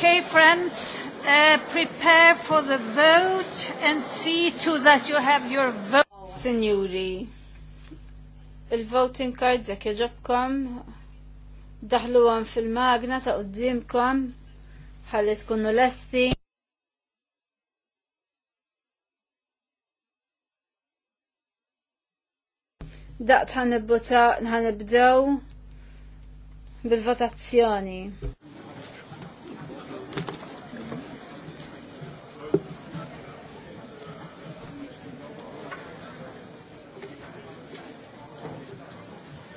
Okay, friends, uh, prepare for the vote and see to that you have your vote. Signori, il-voting cards jek jġobkom, daħlu għan fil-magna sa' uddimkom, ħalli tkunu lesti. Daqt ħanibdew bil-votazzjoni.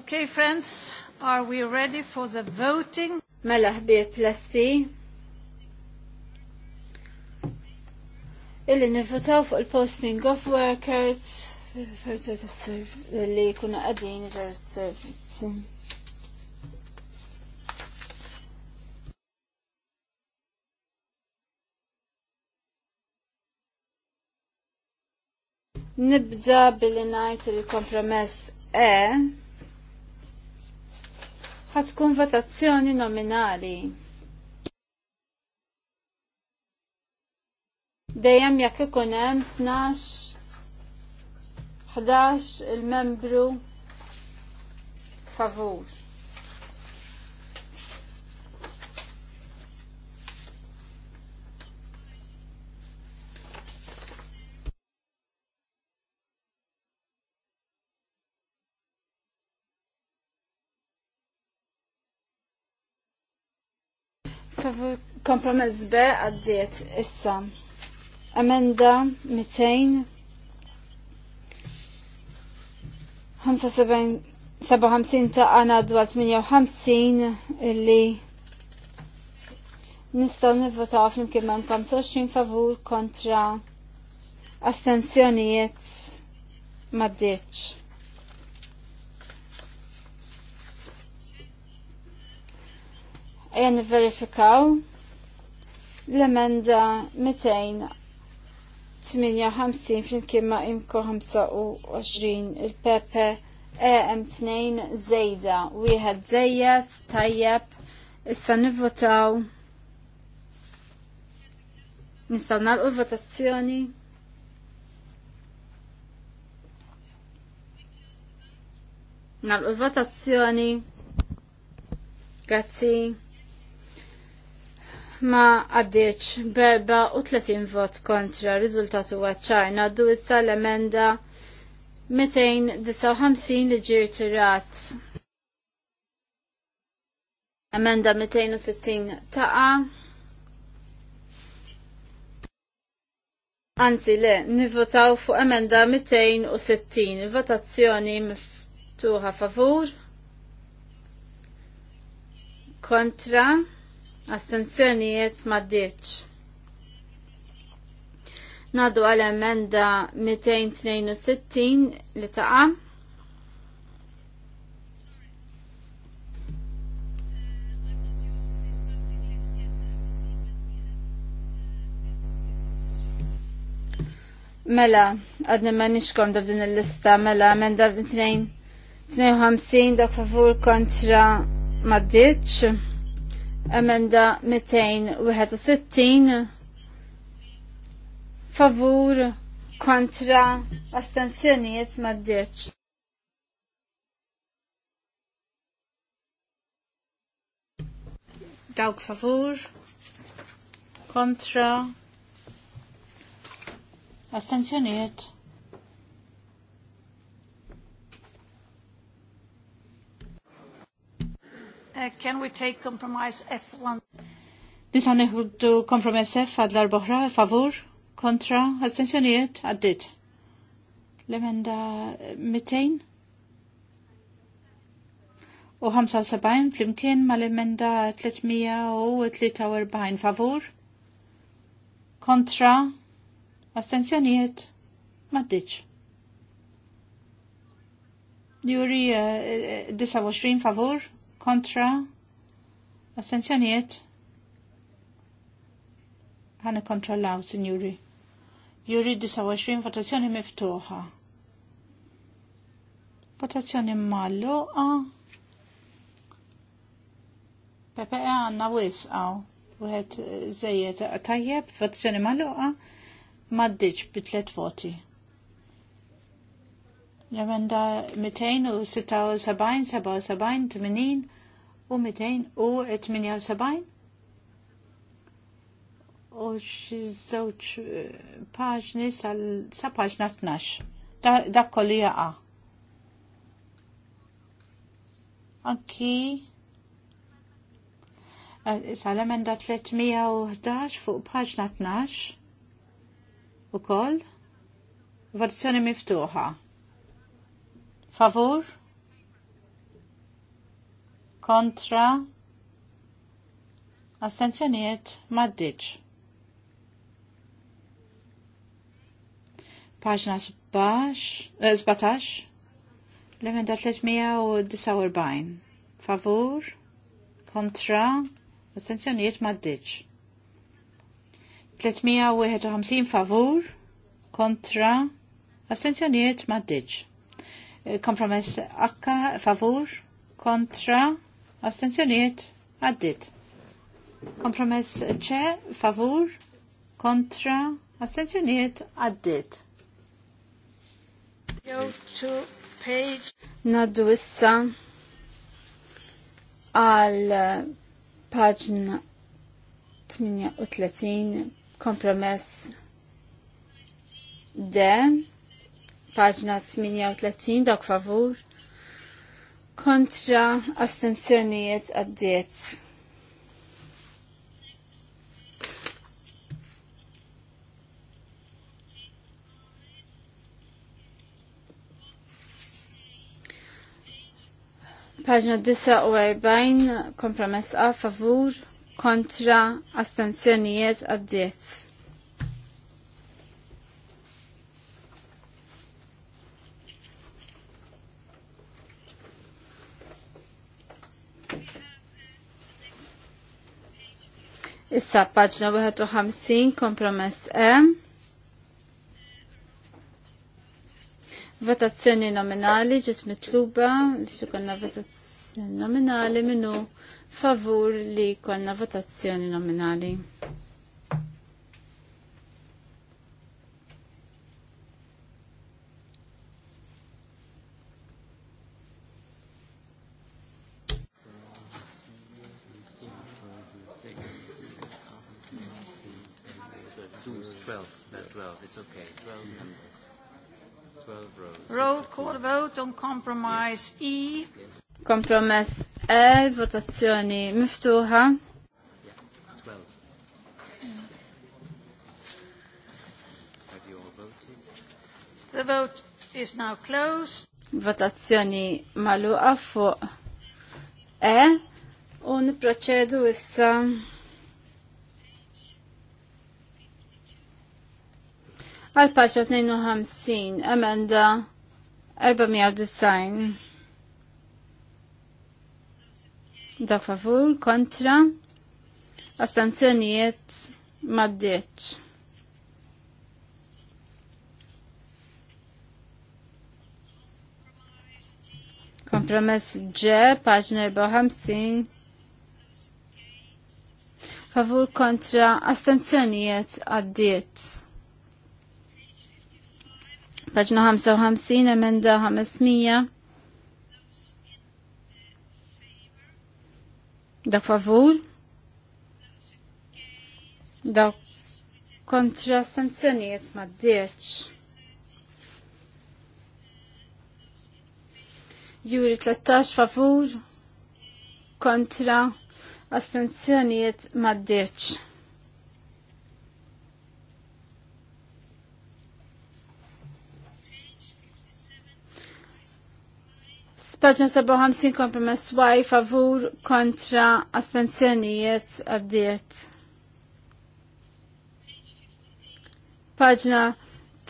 Okay, friends, are we ready for the voting? Mela ħbieb plasti. Illi nifutaw fuq il-posting of workers li jkunu qegħdin servizzi. Nibda bil-najt il-kompromess E ħatkun votazzjoni nominali. Dejjem jekk ikun hemm tnax 11 il-membru favur. Favur kompromess B għaddiet issa. Amenda 257 ta' għana dwar 58 illi nistaw nivvotaw flimkien ma' 25 favur kontra astensjonijiet ma' jen verifikaw l-emenda 258 flimkien ma' imko 25 il-Pepe EM2 zejda wieħed zejjed tajjeb issa nivvotaw nistgħu nagħlqu l-votazzjoni. Nal votazzjoni Grazzi ma għaddiċ berba u 30 vot kontra rizultatu għacċar naddu issa l-emenda 259 li ġir tirat. Emenda 260 taqa. Anzi, le, nivvotaw fuq emenda 260. Votazzjoni miftuħa favur. Kontra. Astenzjonijiet maddiċ. Nadu għal emenda 262 li taqa. Mela, għadni ma nixkom da b'din il-lista, mela, emenda 252, b'din dak favur kontra maddiċ. Emenda 261 favur kontra astensjonijiet maddiċ. Dawk favur kontra astensjonijiet can we take compromise F1? Nisa neħuddu kompromess F għad l-arboħra, favur, kontra, għad astensjonijiet, għaddit. L-emenda 200 u 75 flimkien ma l-emenda 343 favur, kontra, għad astensjonijiet, maddiċ. Juri uh, eh, 29 eh, eh, favur kontra assenzjonijiet ħana law sinjuri. Juri 29 votazzjoni miftuħa. Votazzjoni malluqa. Pepe għanna wisqaw. Wieħed eh, zejjed tajjeb, votazzjoni malluqa. Maddiċ bitlet voti l-emenda 276, 77, 80 u 278 u xizzoċ eh, paġni sa paġna 12. Da kolija A. Anki eh, sal-emenda 311 fuq paġna 12 u kol. Votazzjoni miftuħa favur kontra astenzjoniet maddiċ. Paġna 17, eh, l-emenda 349, favur, kontra, astenzjoniet maddiċ. 351 favur, kontra, astenzjoniet maddiċ. Kompromess akka favur kontra astenzjoniet għaddit. Kompromess ċe favur kontra astenzjoniet għaddit. Go to page. Naddu issa għal paġna 38 kompromess de paġna 38 dak favur kontra astenzjonijiet għaddiet. Paġna 49 kompromess a favur kontra astenzjonijiet għaddiet. Issa paġna 51 kompromess E. Votazzjoni nominali ġiet mitluba li konna votazzjoni nominali minnu favur li konna votazzjoni nominali. E. Kompromess E, votazzjoni miftuħa. The vote is now closed. Votazzjoni maluqa fuq E u proċedu issa għal paċa 52 emenda 490. Da favur kontra astanzjoniet maddeċ. Kompromess G, paġna 54. Favur kontra astanzjoniet għaddiet. Paġna 55, emenda 500. Da favur. Da kontra sanzjoniet ma' d 10. Juri 13 favur kontra ma d maddeċ. Paġna 57 kompromess Y favur kontra astenzjonijiet għaddiet. Paġna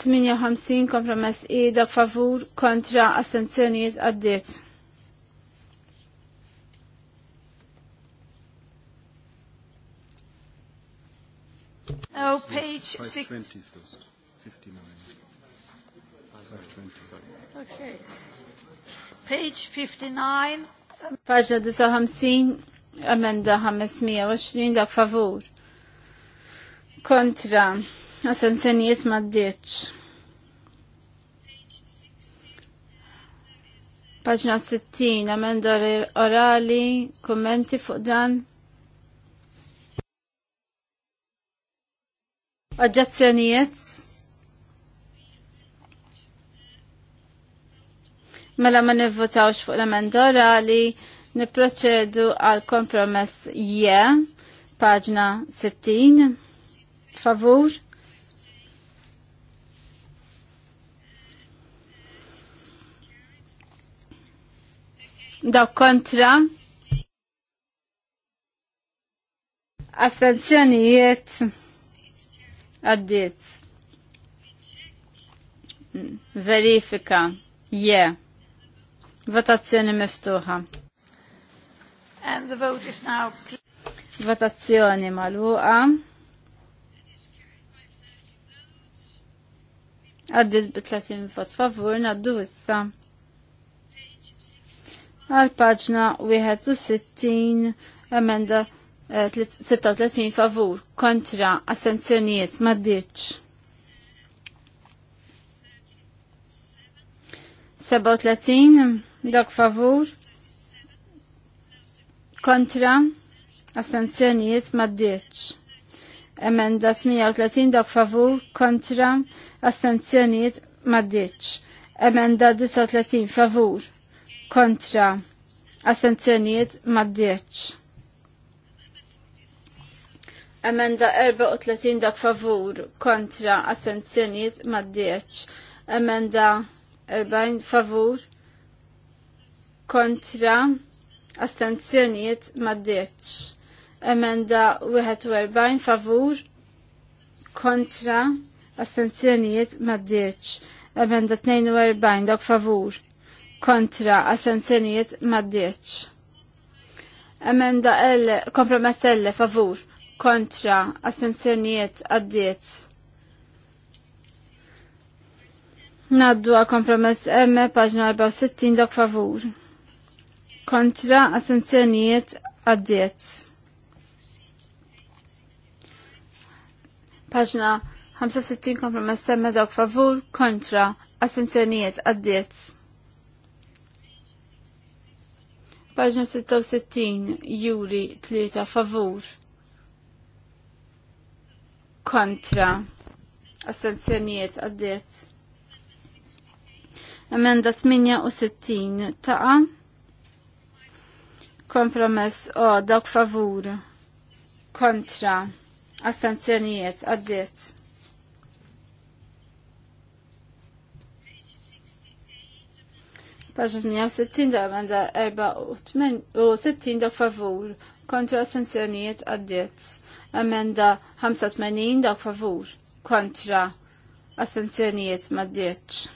58 kompromess I dak favur kontra astenzjonijiet għaddiet. Oh, page 620 59. 520, sorry. Okay. Page 59. Paġna 59, amenda 520, dak favur. Kontra, assenzjonijiet ma d-dieċ. Paġna 60, amenda orali, kommenti fuq dan. Oġġazzjonijiet. Mela ma nivvotawx fuq l-emenda orali, niproċedu għal kompromess je, yeah, paġna 60, favur. Da kontra. Astenzjonijiet Addiet. Verifika. Yeah. Votazzjoni miftuħa. And the vote is now Votazzjoni maluqa. Għaddit bi 30 vot favur, naddu issa. Għal paġna 61, emenda 36 eh, favur, kontra, assenzjonijiet, maddiċ. 37 dak favur kontra astenzjonijiet maddieċ. Emenda 38 dak favur kontra astenzjonijiet maddieċ. Emenda 39 favur kontra astenzjonijiet maddieċ. Emenda 34 dak favur kontra astenzjonijiet maddieċ. Emenda 40 favur kontra astenzjonijiet maddeċ. Emenda 41 favur kontra astenzjonijiet maddeċ. Emenda 42 dok favur kontra astenzjonijiet maddeċ. Emenda L, kompromess L favur kontra astenzjonijiet addeċ. Naddu għal kompromess M, paġna 64, dak favur. Kontra assenzjonijiet għaddiet. Paġna 65 kompromess M, dok favur. Kontra assenzjonijiet għaddiet. Paġna 66, juri 3 favur. Kontra assenzjonijiet għaddiet. Emenda 68 taqa. Kompromess o dawk favur. Kontra. Astanzjonijiet għaddiet. Paġna 68 da għanda 64 favur kontra astanzjonijiet għaddiet. Emenda 85 da favur kontra astanzjonijiet maddietx.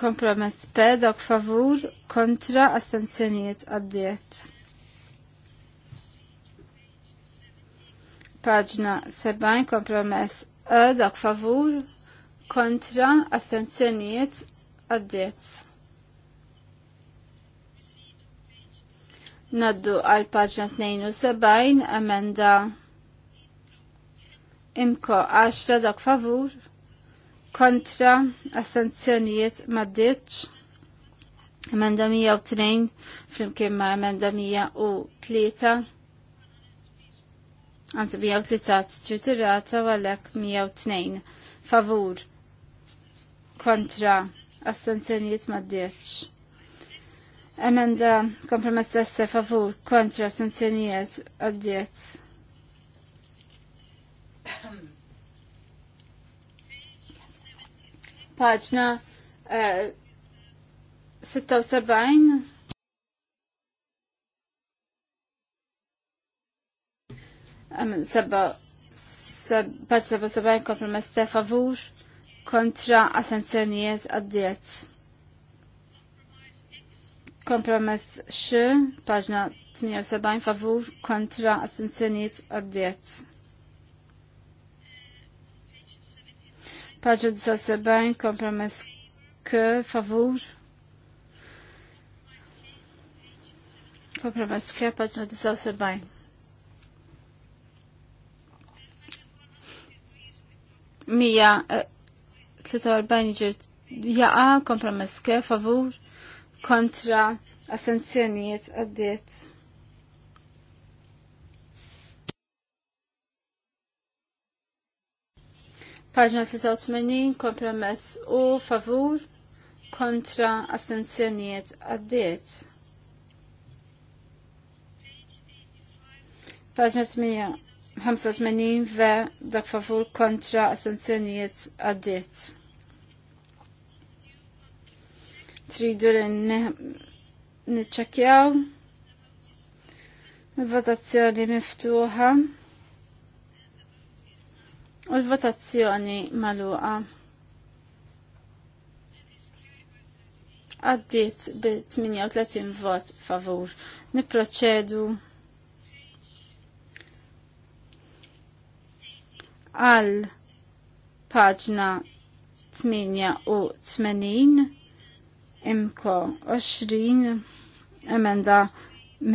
Kompromess P favur kontra astenzjoniet għaddiet. Paġna 70 kompromess E favur kontra astenzjoniet għaddiet. Naddu għal paġna 72 emenda imko 10 dok favur kontra assenzjonijiet maddiċ emenda 102 flimkien ma' emenda 103 għanzi 103 ċutirata għalek 102 favur kontra assenzjonijiet maddiċ emenda kompromessa se favur kontra assenzjonijiet għaddiċ paġna 76 eh, paġna seba paċ seba kompromess favur kontra assenzjonijiet għaddiet. Kompromess x, paġna 78 favur kontra assenzjonijiet għaddiet. Paġa 79 kompromess k favur. Kompromess k paġa 79. Mija 43 eh, ġir jaqa kompromess k favur kontra ascensioniet għaddiet. Paġna 83 kompromess u favur kontra astenzjonijiet għaddiet. Paġna 85 ve dak favur kontra astenzjonijiet għaddiet. Tridu li Votazzjoni miftuħa. U l-votazzjoni maluqa. Għaddit bi 38 vot favur. Niproċedu għal paġna 88 imko 20 emenda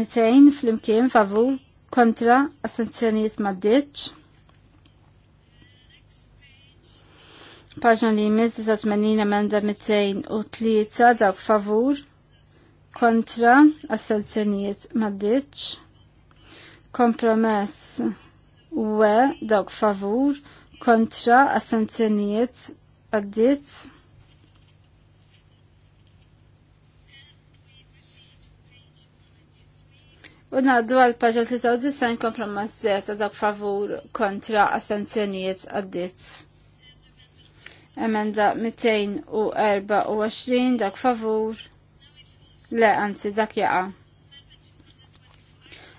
200 fl-imkien favur kontra astenzjonijiet maddiċ. Paġna li jmiss 89 emenda tlieta dawk favur kontra assenzjonijiet maddiċ. Kompromess u dawk favur kontra assenzjonijiet għaddit. U naddu għal paġa 93 kompromess zeta dawk favur kontra assenzjonijiet għaddit. Emenda 224 dak favur. Le, anzi, dak jaqa.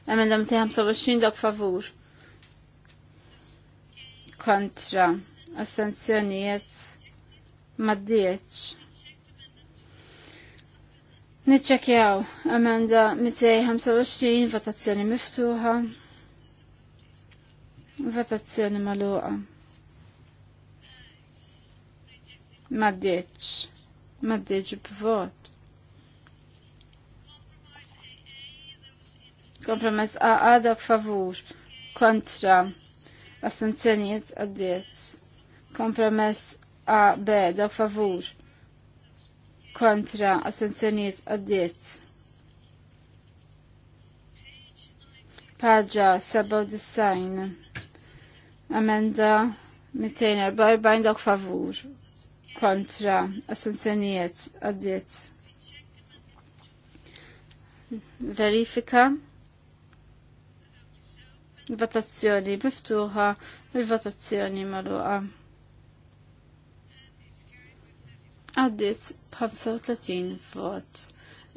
Emenda 225 dak favur. Kontra. Astenzjonijiet. Maddieċ. Nitċekjaw, emenda 225, votazzjoni miftuħa, votazzjoni maluqa. Maddeċ. Maddeċ b'vot. Kompromess A dak favur. Kontra. Astenzjoniet għaddiet. Kompromess AB dak favur. Kontra. Astenzjoniet għaddiet. Pagġa 97. Amenda 244 dak favur kontra astenzjonijiet għaddiet. Verifika. Votazzjoni miftuħa, il-votazzjoni magħluqa. Għaddiet 35 vot.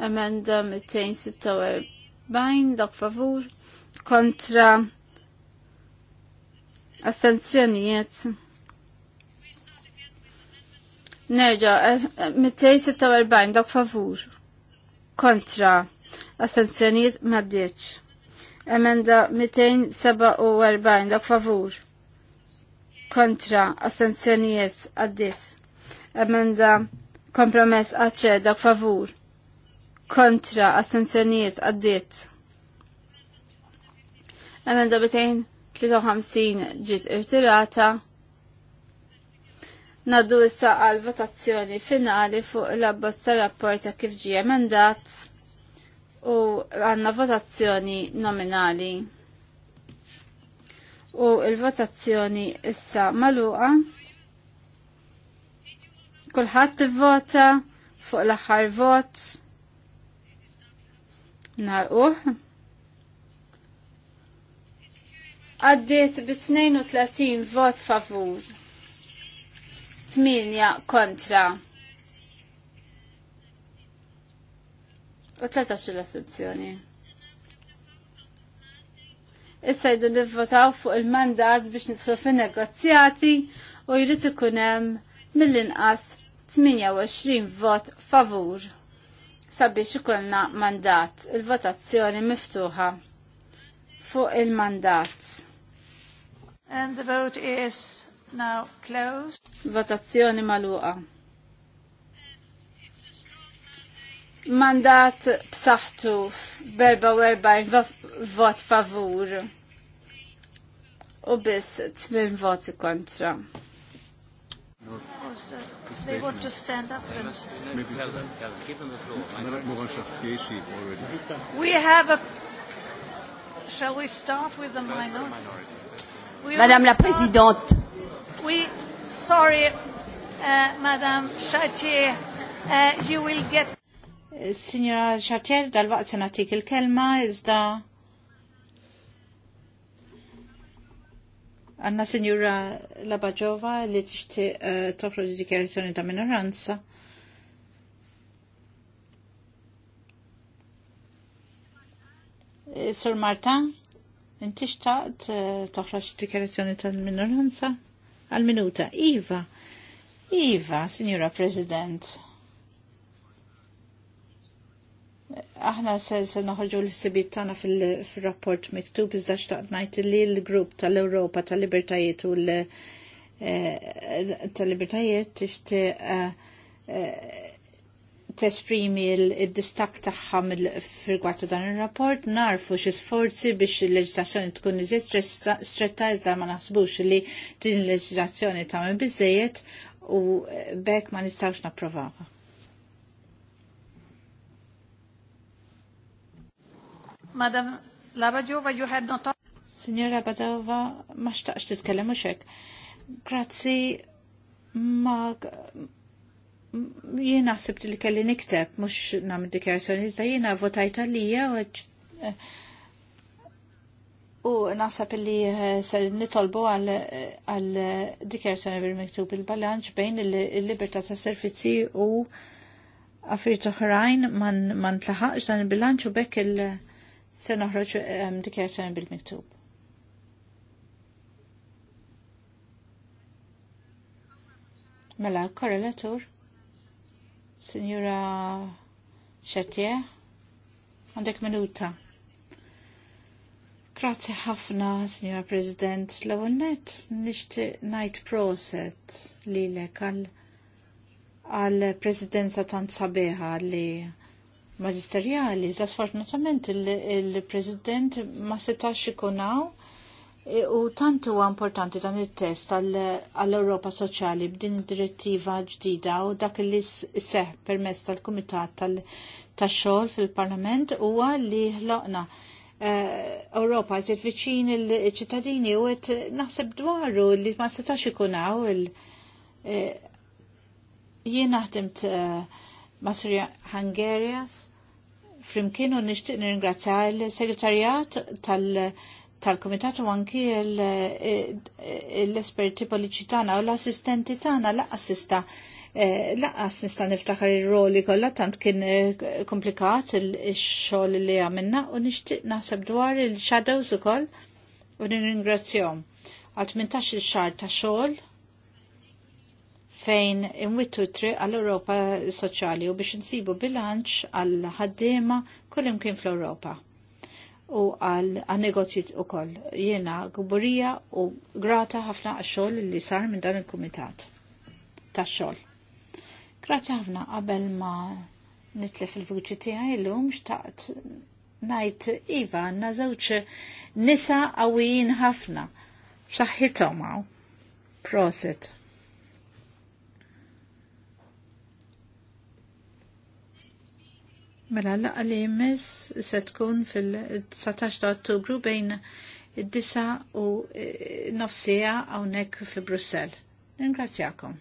Emenda 246 dak favur kontra astenzjonijiet Nerġa, 246 eh, eh, dak favur. Kontra. assenzjoniet maddiċ. Emenda 247 dak favur. Kontra. assenzjoniet għaddit. Emenda kompromess għacċe dak favur. Kontra. assenzjoniet għaddit. Emenda 253 ġiet irtirata naddu issa għal votazzjoni finali fuq l-abbozz tar-rapport ta' kif ġie emendat u għanna votazzjoni nominali. U il-votazzjoni issa maluqa. Kulħadd tivvota fuq l-aħħar vot. uħ. Għaddiet bi 32 vot favur. 8 kontra u 13 l-astazzjoni. Issa jdu nivvotaw fuq il-mandat biex nidħlu fin negozjati u jrid ikun hemm mill-inqas 28 vot favur sabiex ikollna mandat, il-votazzjoni miftuħa fuq il-mandat. And the vote is now closed. Votazzjoni maluqa. Mandat b'saħħtu berba u werba vot favur u biss tmien voti kontra. We have a... Shall we start with the minority? Madame la Présidente, we, sorry, uh, Madam Chatier, uh, you will get... Signora Chatier, dal-waqt se natik il-kelma, iżda... Għanna Signora Labajova li tixti uh, toħroġ dikjarazzjoni ta' minoranza. Eh, Sur Marta, intixtaqt eh, toħroġ dikjarazzjoni tal-minoranza? għal-minuta. Iva, Iva, Signora President. Aħna se se noħorġu l-sibit tagħna fil-rapport miktub iżda xtaqt ngħid li l-grupp tal europa tal-Libertajiet u l- eh, tal-Libertajiet ixti eh, eh, tesprimi il-distak tagħha mill-firgwata dan ir-rapport, narfu xi sforzi biex il-leġislazzjoni tkun iżiet stretta iżda ma naħsbux li din il ta' tagħmel biżejjed u bekk ma nistgħux napprovawha. Madam Labadjova, you had not... Signora Labadjova, ma xtaqx titkellem u xek. Grazzi, ma jiena ħsibt li kelli nikteb, mux nam dikjarazzjoni, iżda jiena votajt għalija u naħseb li eh, ser nitolbu għal dikjarazzjoni bil miktub il-balanċ bejn il-libertà ta' servizzi u affarijiet oħrajn man tlaħaqx dan il-bilanċ u bekk il-se noħroġ eh, dikjarazzjoni bil-miktub. Mela, korrelatur? Signora Xatje, għandek minuta. Grazie ħafna, Signora President. L-ewwel nishti nixtieq ngħid proset lilek lek għal presidenza tant sabiħa li maġisterjali, za il-president ma setax ikunaw E, u tant huwa importanti dan il-test għall-Europa Soċjali b'din id-direttiva ġdida u dak li seħ permess tal-Kumitat tal-Xogħol fil-Parlament huwa li ħloqna e, Ewropa jżid viċin il-ċittadini u qed naħseb dwaru li ma setax ikun hawn e, jien naħdimt ma' Sirja Hungarias flimkien u nixtieq nirringrazzja l-Segretarjat tal- tal-komitat u anki eh, l-esperti politiċi tagħna u l-assistenti tagħna l-assista eh, laqqas nista' niftaħar ir-roli kollha tant kien eh, komplikat il-xogħol li għamilna u nixtieq naħseb dwar il-shadows ukoll u nirringrazzjahom għal 18 il xahar ta' xogħol fejn imwittu triq għall-Ewropa Soċjali u biex insibu bilanċ għall ħaddiema kull imkien fl-Ewropa u għal negozjiet u koll. Jena gburija u grata ħafna għaxol li sar minn dan il-komitat ta' xol. Grati ħafna qabel ma nitlef il-vuċi tiegħi llum xtaqt najt Iva na żewġ nisa għawijin ħafna. B'saħħithom hawn. Proset. Mela laqa li jmiss se tkun fil-19 ta' Ottubru bejn id-disa u eh, nofsija hawnhekk fi Brussell. Ringrazzjakom.